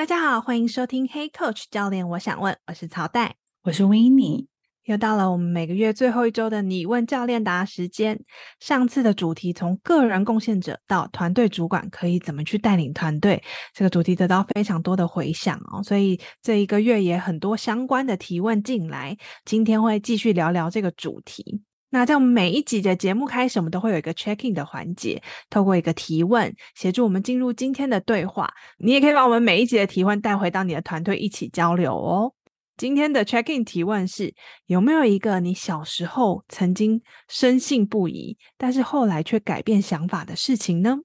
大家好，歡迎收聽 Hey Coach 教練。我想問，我是曹代，我是 Winnie。又到了我們每個月最後一周的你問教練答時間。上次的主題從個人貢獻者到團隊主管，可以怎麼去帶領團隊？這個主題得到非常多的回響哦，所以這一個月也很多相關的提問進來。今天會繼續聊聊這個主題。那在我們每一集的節目開始，我們都會有一個 Check-In 的環節，透過一個提問，協助我們進入今天的對話。你也可以把我們每一集的提問帶回到你的團隊一起交流哦。今天的 Check-In 提問是：有沒有一個你小時候曾經深信不疑，但是後來卻改變想法的事情呢？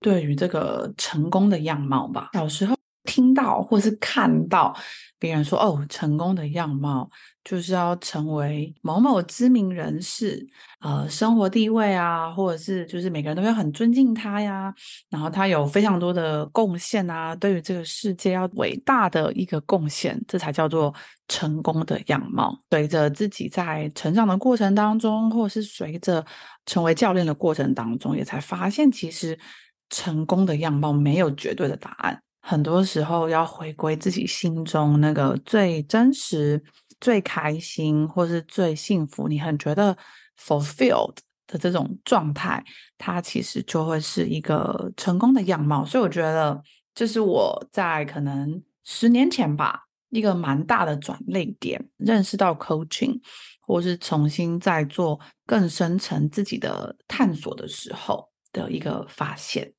對於這個成功的樣貌吧，小時候。聽到或是看到別人說：“哦，成功的樣貌就是要成為某某知名人士，呃，生活地位啊，或者是就是每個人都要很尊敬他呀，然後他有非常多的貢獻啊，對於這個世界要偉大的一個貢獻，這才叫做成功的樣貌。”隨着自己在成長的過程當中，或是隨着成為教練的過程當中，也才發現，其實成功的樣貌沒有絕對的答案。很多時候要回歸自己心中那個最真實、最開心，或是最幸福，你很覺得 fulfilled 的這種狀態，它其實就會是一個成功的樣貌。所以我覺得，這、就是我在可能十年前吧，一個蠻大的轉捩點，認識到 coaching 或是重新在做更深層自己的探索的時候的一個發現。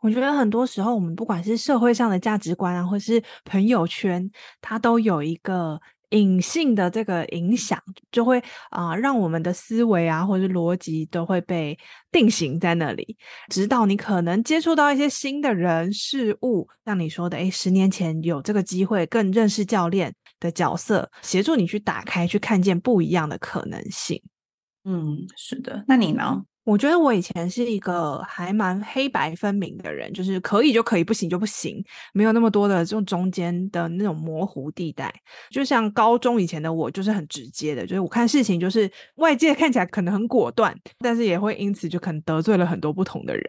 我覺得很多時候，我們不管是社會上的價值觀啊，或是朋友圈，它都有一個隱性的這個影響，就會啊、呃、讓我們的思維啊，或者是邏輯都會被定型在那裡。直到你可能接觸到一些新的人事物，像你說的，哎，十年前有這個機會，更認識教練的角色，協助你去打開，去看見不一樣的可能性。嗯，是的。那你呢？我覺得我以前是一個還蠻黑白分明的人，就是可以就可以，不行就不行，沒有那麼多的這種中間的那種模糊地帶。就像高中以前的我，就是很直接的，就是我看事情就是外界看起來可能很果斷，但是也會因此就可能得罪了很多不同的人。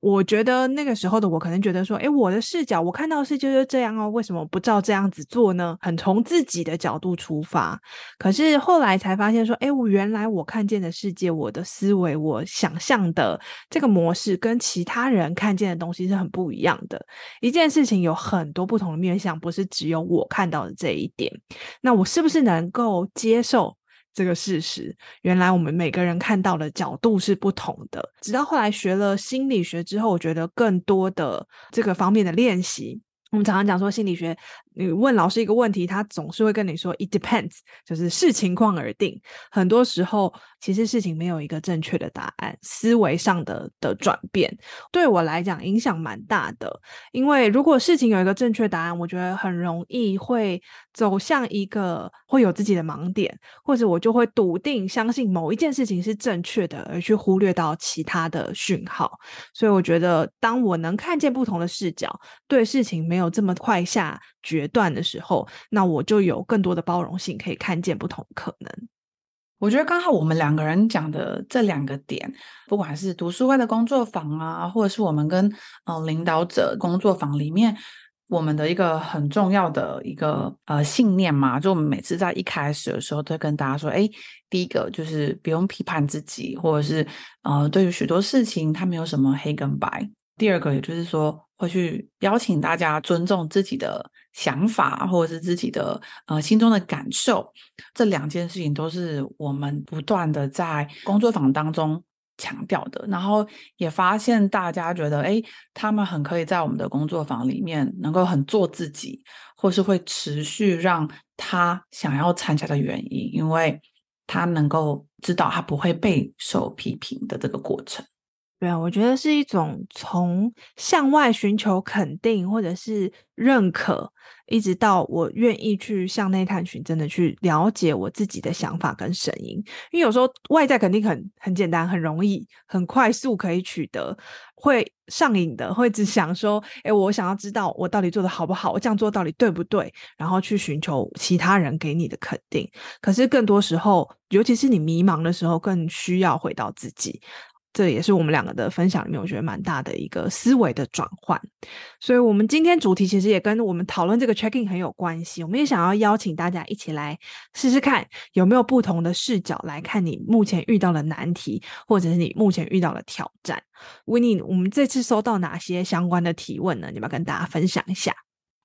我覺得那個時候的我可能覺得說，誒，我的視角，我看到的世界就這樣哦，為什麼我不照這樣子做呢？很從自己的角度出發。可是後來才發現說，誒，我原來我看見的世界，我的思維，我。想象的這個模式跟其他人看見的東西是很不一樣的。一件事情有很多不同的面向，不是只有我看到的這一點。那我是不是能夠接受這個事實？原來我們每個人看到的角度是不同的。直到後來學了心理學之後，我覺得更多的這個方面的練習。我們常常講說心理學。你問老師一個問題，他總是會跟你說 “It depends”，就是視情況而定。很多時候，其實事情沒有一個正確的答案。思維上的的轉變，對我來講影響蠻大的。因為如果事情有一個正確答案，我覺得很容易會走向一個會有自己的盲點，或者我就會篤定相信某一件事情是正確的，而去忽略到其他的訊號。所以我覺得，當我能看見不同的視角，對事情沒有這麼快下。決斷的時候，那我就有更多的包容性，可以看見不同可能。我覺得剛好我們兩個人講的這兩個點，不管是讀書會的工作坊啊，或者是我們跟嗯、呃、領導者工作坊裡面，我們的一個很重要的一個呃信念嘛，就我們每次在一開始的時候，都跟大家說，哎，第一個就是不用批判自己，或者是呃，對於許多事情，他沒有什麼黑跟白。第二個也就是說，會去邀請大家尊重自己的。想法或者是自己的呃心中的感受，這兩件事情都是我們不斷的在工作坊當中強調的。然後也發現大家覺得，誒，他們很可以在我們的工作坊裡面能夠很做自己，或是會持續讓他想要參加的原因，因為他能夠知道他不會備受批評的這個過程。對啊，我覺得是一種從向外尋求肯定或者是認可，一直到我願意去向內探尋，真的去了解我自己的想法跟聲音。因為有時候外在肯定很很簡單，很容易，很快速可以取得，會上癮的，會只想說，欸，我想要知道我到底做得好不好，我這樣做到底對不對，然後去尋求其他人給你的肯定。可是更多時候，尤其是你迷茫的時候，更需要回到自己。這也是我們兩個的分享裡面，我覺得蠻大的一個思維的轉換。所以，我們今天主題其實也跟我們討論這個 Check-In 很有關係。我們也想要邀請大家一起來試試看，有沒有不同的視角來看你目前遇到的難題，或者是你目前遇到的挑戰。Winnie，我們這次收到哪些相關的提問呢？你要不要跟大家分享一下。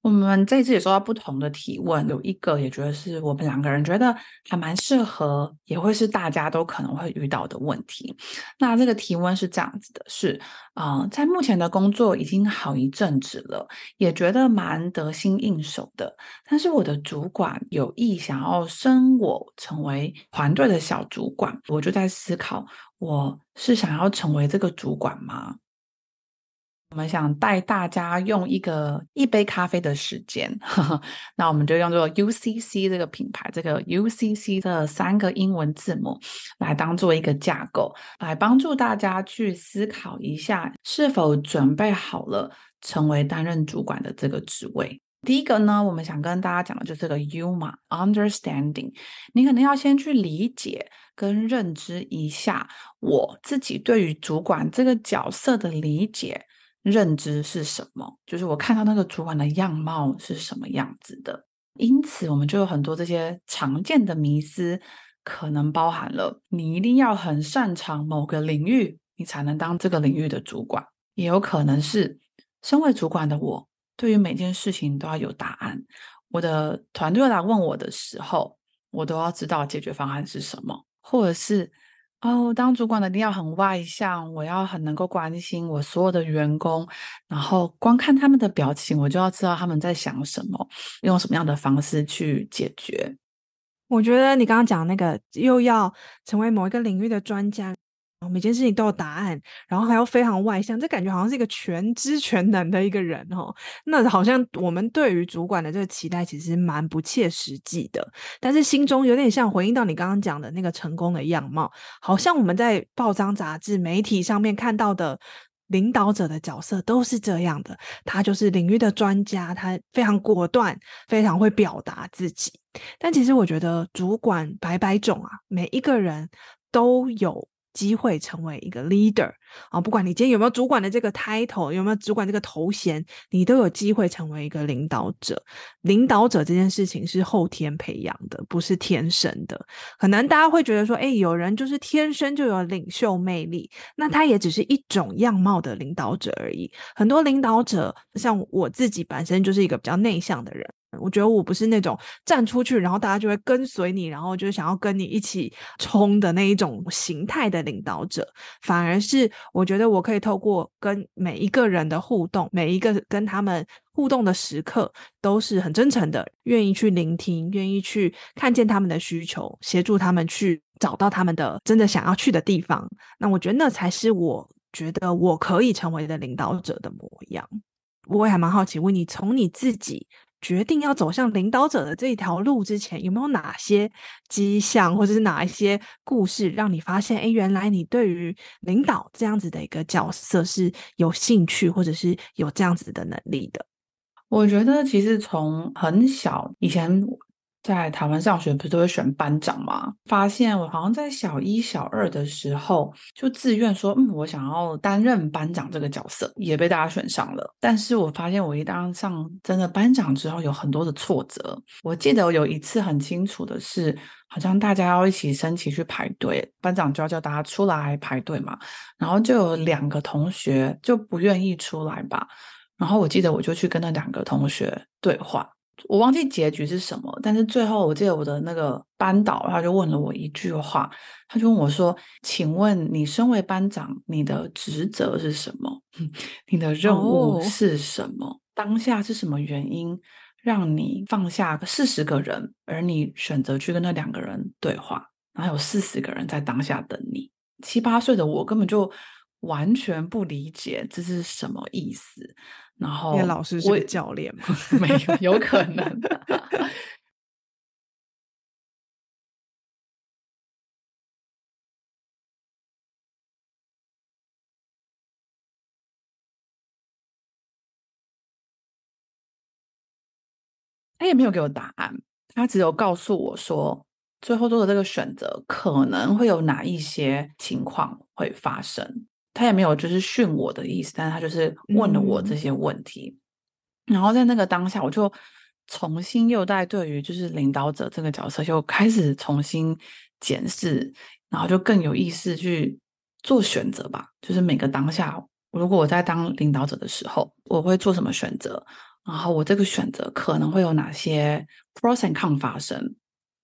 我們這次也收到不同的提問，有一個也覺得是我們兩個人覺得還蠻適合，也會是大家都可能會遇到的問題。那這個提問是這樣子的：是啊，嗯，在目前的工作已經好一陣子了，也覺得蠻得心應手的。但是我的主管有意想要升我成為團隊的小主管，我就在思考：我是想要成為這個主管嗎？我們想帶大家用一個一杯咖啡的時間，呵呵，那我們就用作 UCC 這個品牌，這個 UCC 的三個英文字母來當做一個架構，來幫助大家去思考一下是否準備好了成為擔任主管的這個職位。第一個呢，我們想跟大家講的就是這個 U 嘛，Understanding，你可能要先去理解跟認知一下我自己對於主管這個角色的理解。認知是什麼？就是我看到那個主管的樣貌是什麼樣子的。因此，我們就有很多這些常見的迷思，可能包含了你一定要很擅長某個領域，你才能當這個領域的主管；也有可能是，身為主管的我，對於每件事情都要有答案。我的團隊來問我的時候，我都要知道解決方案是什麼，或者是。哦，oh, 當主管的一定要很外向，我要很能夠關心我所有的員工，然後光看他們的表情，我就要知道他們在想什麼，用什麼樣的方式去解決。我覺得你剛剛講那個，又要成為某一個領域的專家。每件事情都有答案，然後還要非常外向，這感覺好像是一個全知全能的一個人哦，那好像我們對於主管的這個期待其實蠻不切實際的，但是心中有點像回應到你剛剛講的那個成功的樣貌，好像我們在報章雜誌、媒體上面看到的領導者的角色都是這樣的，他就是領域的專家，他非常果斷，非常會表達自己。但其實我覺得主管百百種啊，每一個人都有。機會成為一個 leader 啊、哦，不管你今天有沒有主管的這個 title，有沒有主管這個頭銜，你都有機會成為一個領導者。領導者這件事情是後天培養的，不是天生的。可能大家會覺得說，哎、欸，有人就是天生就有領袖魅力，那他也只是一種樣貌的領導者而已。很多領導者，像我自己本身就是一個比較內向的人。我覺得我不是那種站出去，然後大家就會跟隨你，然後就是想要跟你一起衝的那一種形態的領導者，反而是我覺得我可以透過跟每一個人的互動，每一個跟他們互動的時刻，都是很真誠的，願意去聆聽，願意去看見他們的需求，協助他們去找到他們的真的想要去的地方。那我覺得那才是我覺得我可以成為的領導者的模樣。我也還蠻好奇，問你從你自己。決定要走向領導者的這條路之前，有沒有哪些跡象，或者是哪一些故事，讓你發現？哎、欸，原來你對於領導這樣子的一個角色是有興趣，或者是有這樣子的能力的？我覺得其實從很小以前。在台灣上學不是都會選班長嗎？發現我好像在小一、小二的時候就自願說，嗯，我想要擔任班長這個角色，也被大家選上了。但是我發現我一當上真的班長之後，有很多的挫折。我記得有一次很清楚的是，好像大家要一起升旗去排隊，班長就要叫大家出來排隊嘛，然後就有兩個同學就不願意出來吧，然後我記得我就去跟那兩個同學對話。我忘記結局是什麼，但是最後我記得我的那個班導，他就問了我一句話，他就問我說：“請問你身為班長，你的職責是什麼？你的任務是什麼？Oh. 當下是什麼原因讓你放下四十個人，而你選擇去跟那兩個人對話？然後有四十個人在當下等你？七八歲的我根本就完全不理解這是什麼意思。”然後老師是教練也沒有， 有可能 哎。他也沒有給我答案，他只有告訴我說，最後做的這個選擇可能會有哪一些情況會發生。他也沒有就是訓我的意思，但是他就是問了我這些問題，嗯、然後在那個當下，我就重新又在對於就是領導者這個角色就開始重新檢視，然後就更有意識去做選擇吧。就是每個當下，如果我在當領導者的時候，我會做什麼選擇？然後我這個選擇可能會有哪些 pros and cons 發生？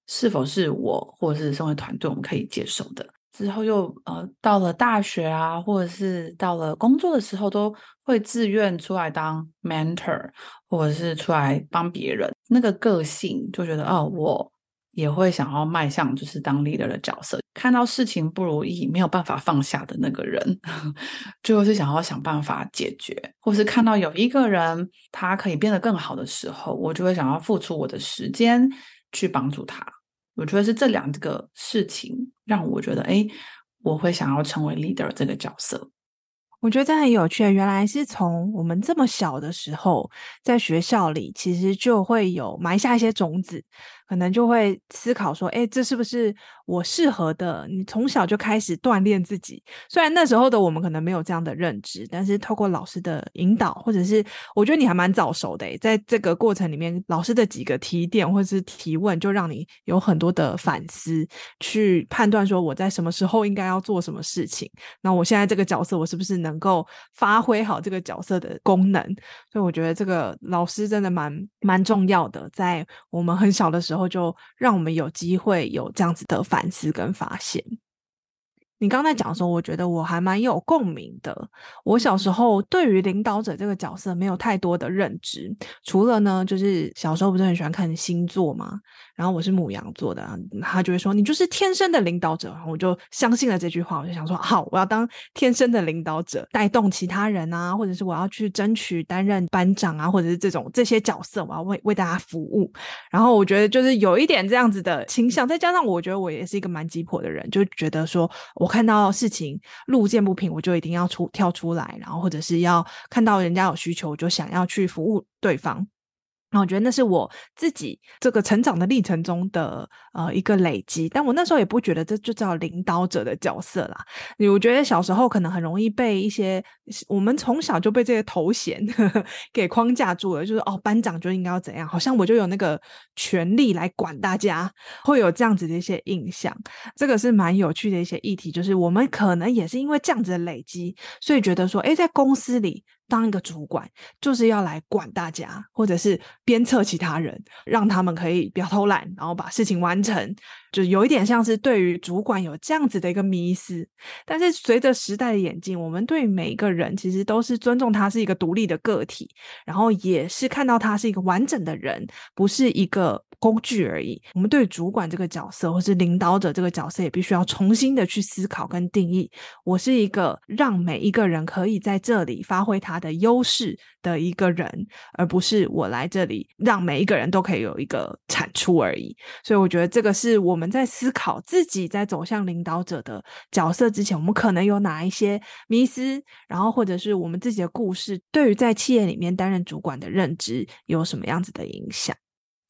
是否是我或者是身為團隊我們可以接受的？之後又呃到了大學啊，或者是到了工作的時候，都會自願出來當 mentor，或者是出來幫別人。那個個性就覺得哦，我也會想要邁向就是當 leader 的角色。看到事情不如意沒有辦法放下的那個人，呵呵，最後是想要想辦法解決，或是看到有一個人他可以變得更好的時候，我就會想要付出我的時間去幫助他。我覺得是這兩個事情。讓我覺得，哎，我會想要成為 leader 這個角色。我覺得這很有趣，原來是從我們這麼小的時候，在學校裡，其實就會有埋下一些種子。可能就會思考說，哎、欸，這是不是我適合的？你從小就開始鍛鍊自己，雖然那時候的我們可能沒有這樣的認知，但是透過老師的引導，或者是我覺得你還蠻早熟的、欸，在這個過程裡面，老師的幾個提點或者是提問，就讓你有很多的反思，去判斷說我在什麼時候應該要做什麼事情。那我現在這個角色，我是不是能夠發揮好這個角色的功能？所以我覺得這個老師真的蠻蠻重要的，在我們很小的時候。然後就讓我們有機會有這樣子的反思跟發現。你剛才講的時候，我覺得我還蠻有共鳴的。我小時候對於領導者這個角色沒有太多的認知，除了呢，就是小時候不是很喜歡看星座嗎？然後我是牡羊座的，他就會說，你就是天生的領導者，然後我就相信了這句話，我就想說好，我要當天生的領導者，帶動其他人啊，或者是我要去爭取擔任班長啊，或者是這種這些角色，我要為為大家服務。然後我覺得就是有一點這樣子的傾向，再加上我覺得我也是一個蠻雞婆的人，就覺得說我看到事情路見不平，我就一定要出跳出來，然後或者是要看到人家有需求，我就想要去服務對方。那、啊、我覺得那是我自己這個成長的歷程中的呃一個累積，但我那時候也不覺得這就叫領導者的角色啦。我覺得小時候可能很容易被一些我們從小就被這些頭銜給框架住了，就是哦班長就應該要怎樣，好像我就有那個權力來管大家，會有這樣子的一些印象。這個是蠻有趣的一些議題，就是我們可能也是因為這樣子的累積，所以覺得說，誒，在公司裡。當一個主管，就是要來管大家，或者是鞭策其他人，讓他們可以不要偷懶，然後把事情完成。就有一點像是對於主管有這樣子的一個迷思，但是隨着時代的眼進，我們對每一個人其實都是尊重，他是一個獨立的個體，然後也是看到他是一個完整的人，不是一個工具而已。我們對主管這個角色，或是領導者這個角色，也必須要重新的去思考跟定義。我是一個讓每一個人可以在這裡發揮他的優勢的一個人，而不是我來這裡讓每一個人都可以有一個產出而已。所以我覺得這個是我。我們在思考自己在走向領導者的角色之前，我們可能有哪一些迷思，然後或者是我們自己的故事，對於在企業裡面擔任主管的認知有什麼樣子的影響？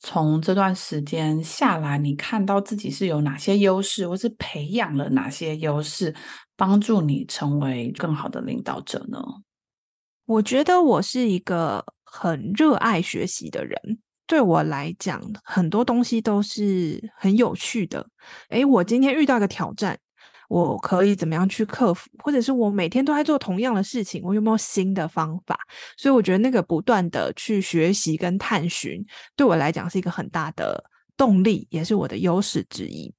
從這段時間下來，你看到自己是有哪些優勢，或是培養了哪些優勢，幫助你成為更好的領導者呢？我覺得我是一個很熱愛學習的人。對我來講，很多東西都是很有趣的。誒，我今天遇到一個挑戰，我可以怎麼樣去克服？或者是我每天都在做同樣的事情，我有沒有新的方法？所以我覺得那個不斷的去學習跟探尋，對我來講是一個很大的動力，也是我的優勢之一。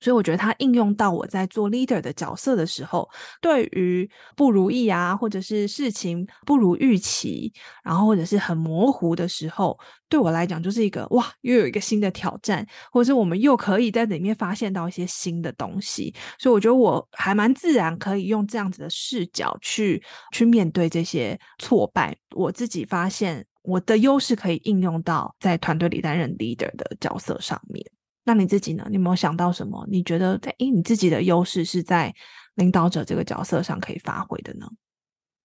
所以我覺得它應用到我在做 leader 的角色的時候，對於不如意啊，或者是事情不如預期，然後或者是很模糊的時候，對我來講就是一個哇，又有一個新的挑戰，或者是我們又可以在裡面發現到一些新的東西。所以我覺得我還蠻自然可以用這樣子的視角去去面對這些挫敗。我自己發現我的優勢可以應用到在團隊裡擔任 leader 的角色上面。那你自己呢？你有沒有想到什麼？你覺得在、欸、你自己的優勢是在領導者這個角色上可以發揮的呢？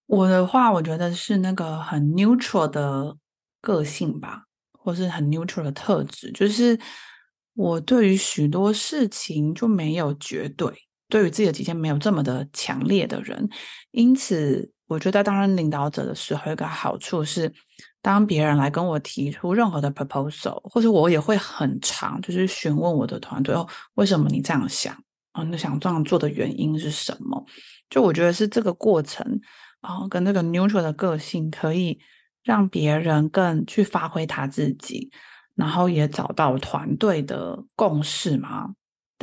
我的話，我覺得是那個很 neutral 的個性吧，或是很 neutral 的特質，就是我對於許多事情就沒有絕對，對於自己的底線沒有這麼的強烈的人，因此我覺得擔任領導者的時候，有一個好處是，當別人來跟我提出任何的 proposal，或者我也會很常，就是詢問我的團隊哦，為什麼你這樣想？啊、哦，你想這樣做的原因是什麼？就我覺得是這個過程然後、哦、跟那個 neutral 的個性可以讓別人更去發揮他自己，然後也找到團隊的共識嘛。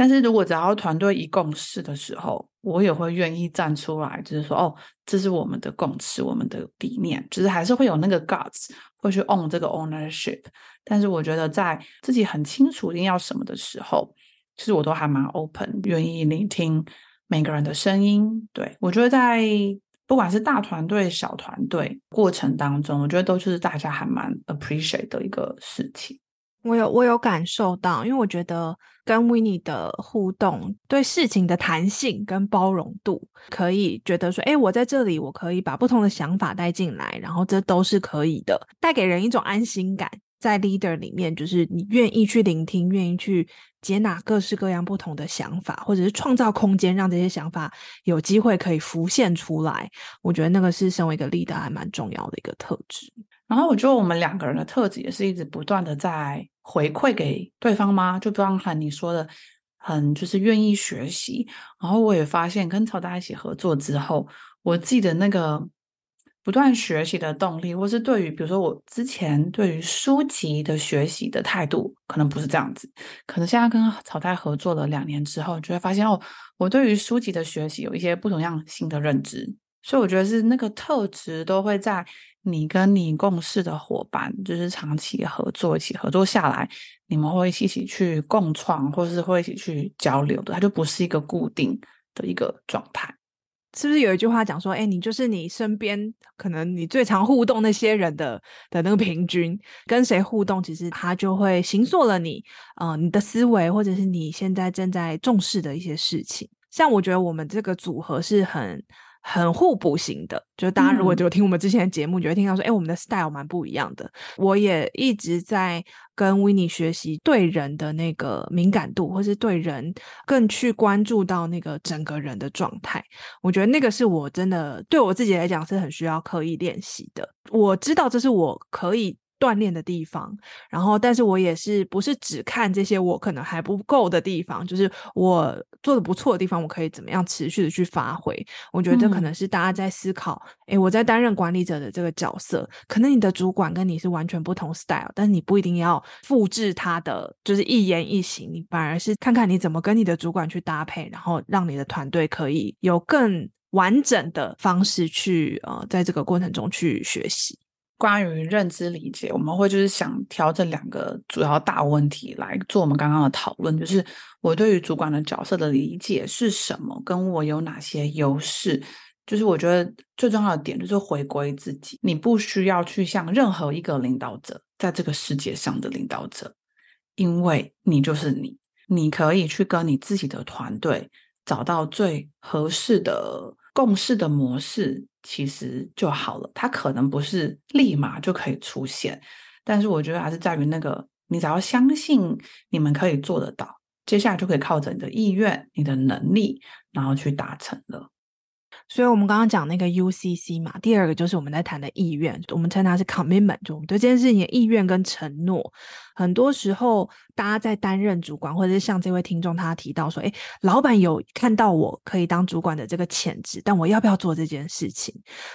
但是如果只要團隊一共事的時候，我也會願意站出來，就是說，哦，這是我們的共識，我們的理念，就是還是會有那個 guts 會去 own 這個 ownership。但是我覺得在自己很清楚一定要什麼的時候，其實我都還蠻 open，願意聆聽每個人的聲音。對我覺得在不管是大團隊、小團隊過程當中，我覺得都是大家還蠻 appreciate 的一個事情。我有我有感受到，因為我覺得跟 Winnie 的互動，對事情的彈性跟包容度，可以覺得說，哎，我在這裡，我可以把不同的想法帶進來，然後這都是可以的，帶給人一種安心感。在 leader 裡面，就是你願意去聆聽，願意去接納各式各樣不同的想法，或者是創造空間，讓這些想法有機會可以浮現出來。我覺得那個是身為一個 leader 還蠻重要的一個特質。然後我覺得我們兩個人的特質也是一直不斷的在回饋給對方嘛，就就像很你說的，很就是願意學習。然後我也發現跟曹大一起合作之後，我自己的那個不斷學習的動力，或是對於比如說我之前對於書籍的學習的態度，可能不是這樣子。可能現在跟曹太合作了兩年之後，就會發現哦，我對於書籍的學習有一些不同樣新的認知。所以我覺得是那個特質都會在。你跟你共事的夥伴，就是長期合作，一起合作下來，你們會一起去共創，或是會一起去交流的，它就不是一個固定的一個狀態。是不是有一句話講說，哎，你就是你身邊可能你最常互動那些人的的那個平均，跟誰互動，其實他就會形塑了你，呃，你的思維或者是你現在正在重視的一些事情。像我覺得我們這個組合是很。很互補型的，就大家如果就聽我們之前的節目，嗯、你就會聽到說，哎、欸，我們的 style 蠻不一樣的。我也一直在跟 Winnie 學習對人的那個敏感度，或是對人更去關注到那個整個人的狀態。我覺得那個是我真的對我自己來講是很需要刻意練習的。我知道這是我可以。鍛鍊的地方，然後，但是我也是不是只看這些我可能還不夠的地方，就是我做的不錯的地方，我可以怎麼樣持續的去發揮。我覺得這可能是大家在思考，嗯、誒，我在擔任管理者的這個角色，可能你的主管跟你是完全不同 style，但是你不一定要複製他的就是一言一行，你反而是看看你怎麼跟你的主管去搭配，然後讓你的團隊可以有更完整的方式去，呃，在這個過程中去學習。關於認知理解，我們會就是想挑這兩個主要大問題來做我們剛剛的討論。就是我對於主管的角色的理解是什麼，跟我有哪些優勢？就是我覺得最重要的點就是回歸自己，你不需要去像任何一個領導者，在這個世界上的領導者，因為你就是你，你可以去跟你自己的團隊找到最合適的共事的模式。其實就好了，它可能不是立馬就可以出現，但是我覺得還是在於那個，你只要相信你們可以做得到，接下來就可以靠着你的意願、你的能力，然後去達成了。所以我們剛剛講那個 UCC 嘛，第二個就是我們在談的意願，我們稱它是 commitment，就我們對這件事情的意願跟承諾。很多時候，大家在擔任主管，或者是像這位聽眾他提到說：“哎，老闆有看到我可以當主管的這個潛質，但我要不要做這件事情？”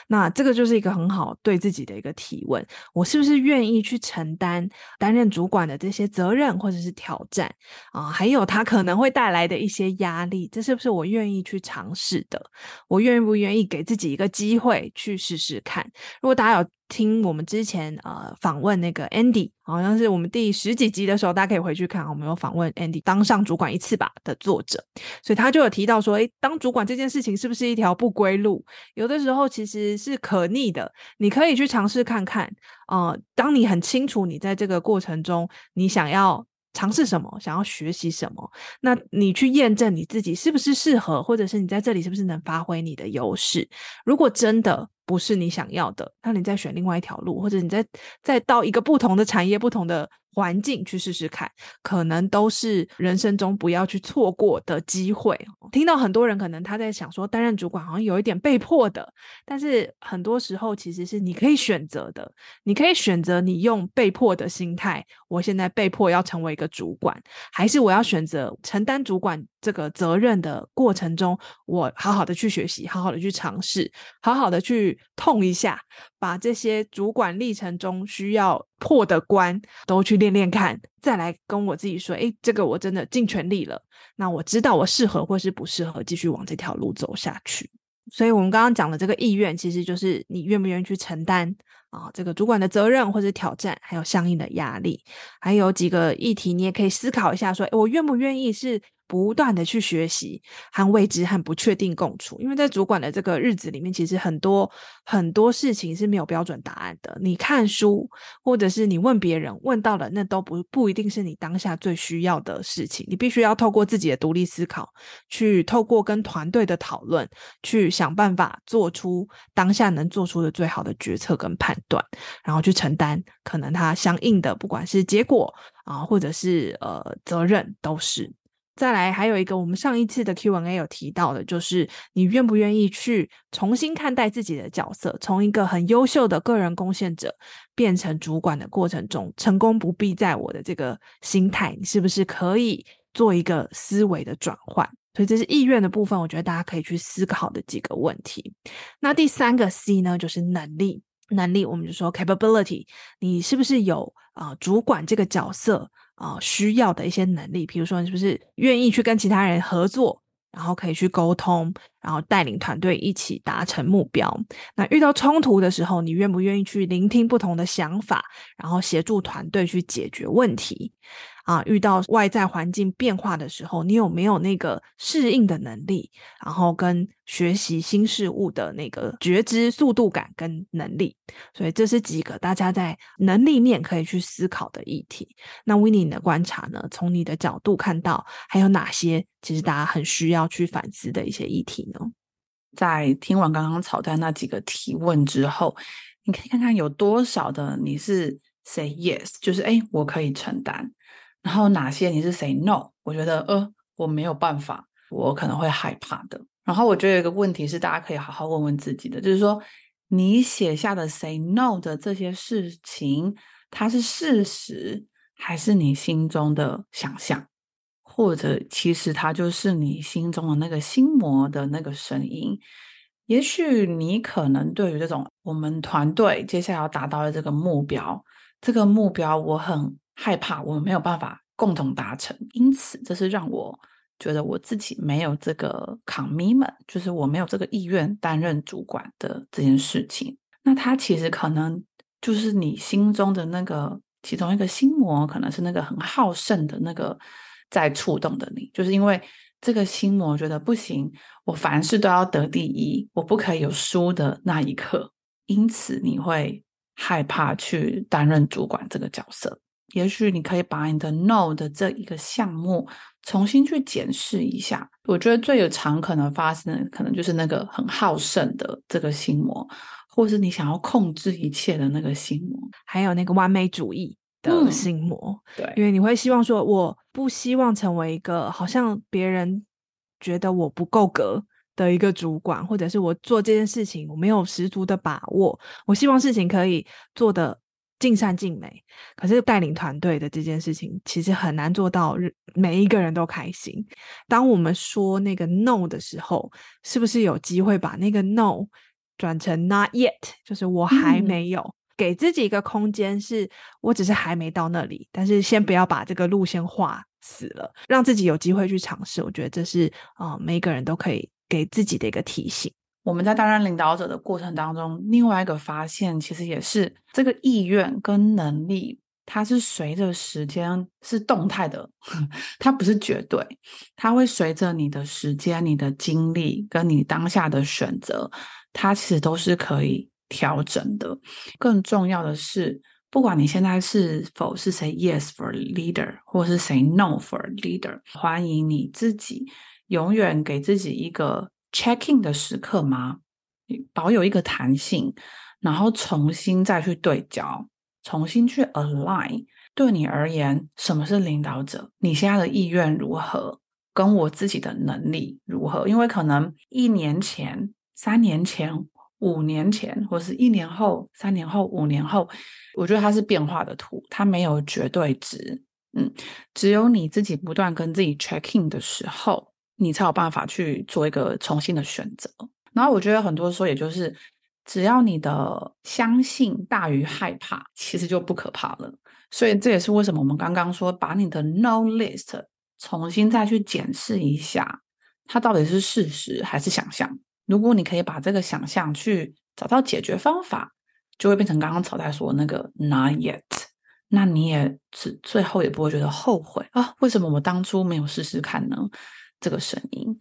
那這個就是一個很好對自己的一個提問：我是不是願意去承擔擔任主管的這些責任或者是挑戰啊？呃，還有他可能會帶來的一些壓力，這是不是我願意去嘗試的？我願不願意給自己一個機會去試試看？如果大家有。聽我們之前呃訪問那個 Andy，好像是我們第十幾集的時候，大家可以回去看，我們有訪問 Andy 當上主管一次吧的作者，所以他就有提到說，哎，當主管這件事情是不是一條不歸路？有的時候其實是可逆的，你可以去嘗試看看。呃，當你很清楚你在這個過程中你想要嘗試什麼，想要學習什麼，那你去驗證你自己是不是適合，或者是你在這裡是不是能發揮你的優勢。如果真的。不是你想要的，那你再選另外一條路，或者你再再到一個不同的產業，不同的環境去試試看，可能都是人生中不要去錯過的機會。聽到很多人可能他在想說，擔任主管好像有一點被迫的，但是很多時候其實是你可以選擇的。你可以選擇你用被迫的心態，我現在被迫要成為一個主管，還是我要選擇承擔主管這個責任的過程中，我好好的去學習，好好的去嘗試，好好的去痛一下。把這些主管歷程中需要破的關都去練練看，再來跟我自己說，誒，這個我真的盡全力了。那我知道我適合或是不適合繼續往這條路走下去。所以我們剛剛講的這個意願，其實就是你願不願意去承擔啊這個主管的責任或者挑戰，還有相應的壓力。還有幾個議題，你也可以思考一下說，說我願不願意是，不斷的去學習和未知和不確定共處，因為在主管的這個日子裡面，其實很多很多事情是沒有標準答案的。你看書或者是你問別人，問到了那都不不一定是你當下最需要的事情。你必須要透過自己的獨立思考，去透過跟團隊的討論，去想辦法做出當下能做出的最好的決策跟判斷，然後去承擔可能它相應的不管是結果啊，或者是呃責任都是。再來，還有一個我們上一次的 Q&A 有提到的，就是你願不願意去重新看待自己的角色，從一個很優秀的個人貢獻者變成主管的過程中，成功不必在我的這個心態，你是不是可以做一個思維的轉換？所以這是意願的部分，我覺得大家可以去思考的幾個問題。那第三個 C 呢，就是能力，能力我們就說 capability，你是不是有啊、呃、主管這個角色？啊、哦，需要的一些能力，譬如說，你是不是願意去跟其他人合作，然後可以去溝通，然後帶領團隊一起達成目標？那遇到衝突的時候，你願不願意去聆聽不同的想法，然後協助團隊去解決問題？啊，遇到外在環境變化的時候，你有沒有那個適應的能力？然後跟學習新事物的那個覺知速度感跟能力，所以這是幾個大家在能力面可以去思考的議題。那 Winnie 你的觀察呢？從你的角度看到還有哪些其實大家很需要去反思的一些議題呢？在聽完剛剛草蛋那幾個提問之後，你可以看看有多少的你是 Say Yes，就是哎、欸，我可以承擔。然後哪些你是 say no？我覺得呃，我沒有辦法，我可能會害怕的。然後我覺得有一個問題是，大家可以好好問問自己的，就是說你寫下的 say no 的這些事情，它是事實還是你心中的想象，或者其實它就是你心中的那個心魔的那個聲音？也許你可能對於這種我們團隊接下來要達到的這個目標，這個目標我很。害怕，我們沒有辦法共同達成，因此這是讓我覺得我自己沒有這個 commitment，就是我沒有這個意願擔任主管的這件事情。那他其實可能就是你心中的那個其中一個心魔，可能是那個很好勝的那個在觸動的你，就是因為這個心魔覺得不行，我凡事都要得第一，我不可以有輸的那一刻，因此你會害怕去擔任主管這個角色。也許你可以把你的 “no” 的這一個項目重新去檢視一下。我覺得最有常可能發生的可能就是那個很好勝的這個心魔，或是你想要控制一切的那個心魔，還有那個完美主義的心魔。嗯、對，因為你會希望說，我不希望成為一個好像別人覺得我不夠格的一個主管，或者是我做這件事情我沒有十足的把握，我希望事情可以做的。盡善盡美，可是帶領團隊的這件事情其實很難做到每一個人都開心。當我們說那個 no 的時候，是不是有機會把那個 no 轉成 not yet？就是我還沒有、嗯、給自己一個空間是，是我只是還沒到那裡，但是先不要把這個路線畫死了，讓自己有機會去嘗試。我覺得這是啊、呃，每一個人都可以給自己的一個提醒。我們在擔任領導者的過程當中，另外一個發現，其實也是這個意願跟能力，它是隨着時間是動態的，它不是絕對，它會隨着你的時間、你的經歷跟你當下的選擇，它其實都是可以調整的。更重要的是，不管你現在是否是 say yes for leader，或是 say no for leader，歡迎你自己永遠給自己一個 Checking 的時刻嗎？保有一個彈性，然後重新再去對焦，重新去 Align。對你而言，什麼是領導者？你現在的意願如何？跟我自己的能力如何？因為可能一年前、三年前、五年前，或是一年後、三年後、五年後，我覺得它是變化的圖，它沒有絕對值。嗯，只有你自己不斷跟自己 Checking 的時候。你才有辦法去做一個重新的選擇。然後我覺得很多時候，也就是只要你的相信大於害怕，其實就不可怕了。所以這也是為什麼我們剛剛說，把你的 no list 重新再去檢視一下，它到底是事實還是想象。如果你可以把這個想象去找到解決方法，就會變成剛剛 Tai 說那個 not yet。那你也是最後也不會覺得後悔。啊，為什麼我當初沒有試試看呢？這個聲音，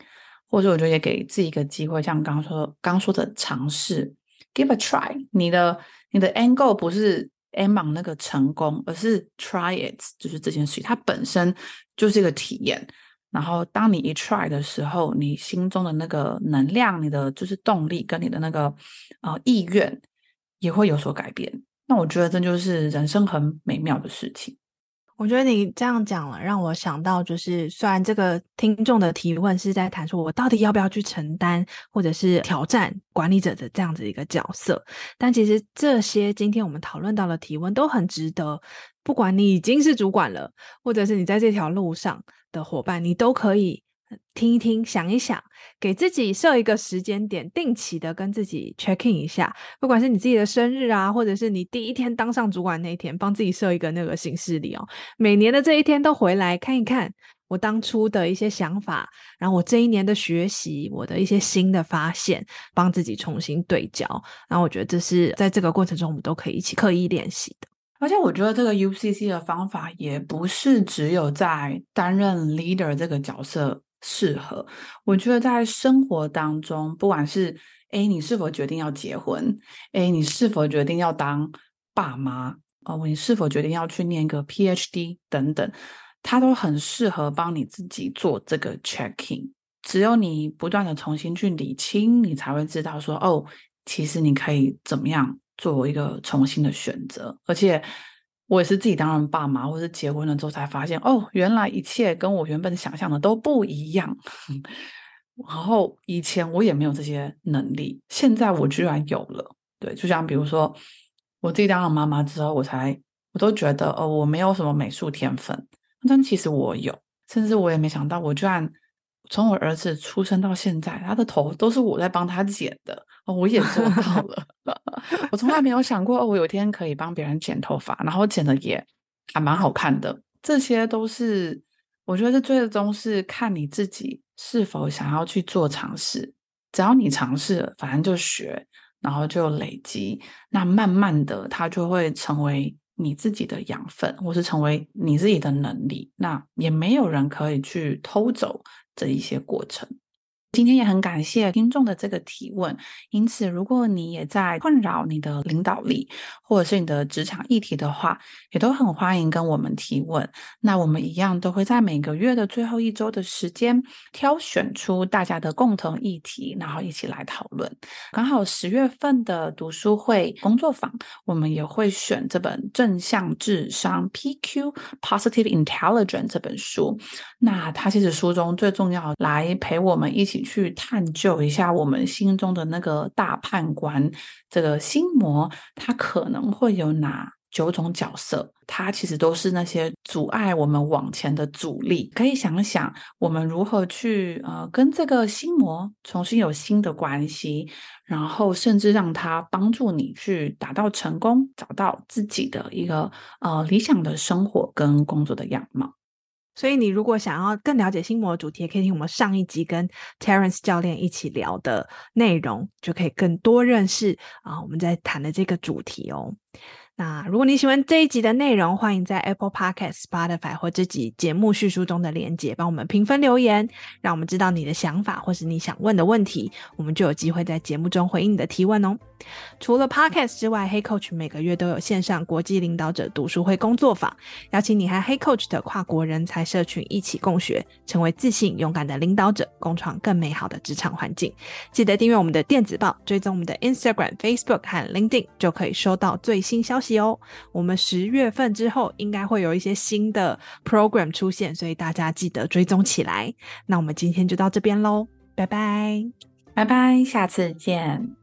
或者我覺得也給自己一個機會，像剛剛說的剛說的嘗試，give a try。你的你的 angle 不是 aim on 那個成功，而是 try it，就是這件事它本身就是一個體驗。然後當你一 try 的時候，你心中的那個能量，你的就是動力跟你的那個呃意願也會有所改變。那我覺得這就是人生很美妙的事情。我覺得你這樣講了，讓我想到就是，雖然這個聽眾的提問是在談說，我到底要不要去承擔或者是挑戰管理者的這樣子一個角色，但其實這些今天我們討論到的提問都很值得，不管你已經是主管了，或者是你在這條路上的夥伴，你都可以。聽一聽，想一想，給自己設一個時間點，定期的跟自己 check in 一下。不管是你自己的生日啊，或者是你第一天當上主管那天，幫自己設一個那個行事曆哦，每年的這一天都回來看一看我當初的一些想法，然後我這一年的學習，我的一些新的發現，幫自己重新對焦。然後我覺得這是在這個過程中，我們都可以一起刻意練習的。而且我覺得這個 UCC 的方法也不是只有在擔任 leader 這個角色。適合，我覺得在生活當中，不管是誒你是否決定要結婚，誒你是否決定要當爸媽，哦，你是否決定要去念個 PhD 等等，他都很適合幫你自己做這個 checking。只有你不斷的重新去理清，你才會知道說，哦，其實你可以怎麼樣做一個重新的選擇，而且。我也是自己當了爸媽，或者是結婚了之後才發現，哦，原來一切跟我原本想象的都不一樣。 然後以前我也沒有這些能力，現在我居然有了。對，就像比如說，我自己當了媽媽之後，我才我都覺得，哦，我沒有什麼美術天分，但其實我有，甚至我也沒想到，我居然。從我兒子出生到現在，他的頭都是我在幫他剪的，哦、我也做到了。 我從來沒有想過，我、哦、有天可以幫別人剪頭髮，然後剪的也還、啊、蠻好看的。這些都是我覺得，這最終是看你自己是否想要去做嘗試。只要你嘗試了，反正就學，然後就累積，那慢慢的，它就會成為你自己的養分，或是成為你自己的能力。那也沒有人可以去偷走。這一些過程。今天也很感謝聽眾的這個提問，因此如果你也在困擾你的領導力，或者是你的職場議題的話，也都很歡迎跟我們提問。那我們一樣都會在每個月的最後一周的時間，挑選出大家的共同議題，然後一起來討論。剛好十月份的讀書會工作坊，我們也會選這本《正向智商 PQ Positive Intelligence》這本書。那它其實書中最重要，來陪我們一起。去探究一下我們心中的那個大判官，這個心魔，它可能會有哪九種角色？它其實都是那些阻礙我們往前的阻力。可以想想，我們如何去呃跟這個心魔重新有新的關係，然後甚至讓它幫助你去達到成功，找到自己的一個呃理想的生活跟工作的樣貌。所以，你如果想要更了解心魔的主題，也可以聽我們上一集跟 Terence 教練一起聊的內容，就可以更多認識啊，我們在談的這個主題哦。那如果你喜歡這一集的內容，歡迎在 Apple Podcast、Spotify 或這集節目敘述中的連接幫我們評分留言，讓我們知道你的想法或是你想問的問題，我們就有機會在節目中回應你的提問哦。除了 Podcast 之外，Hey Coach 每個月都有線上國際領導者讀書會工作坊，邀請你和 Hey Coach 的跨國人才社群一起共學，成為自信勇敢的領導者，共創更美好的職場環境。記得訂閱我們的電子報，追蹤我們的 Instagram、Facebook 和 LinkedIn，就可以收到最新消息。哦，我們十月份之後應該會有一些新的 program 出現，所以大家記得追蹤起來。那我們今天就到這邊嘍，拜拜，拜拜，下次見。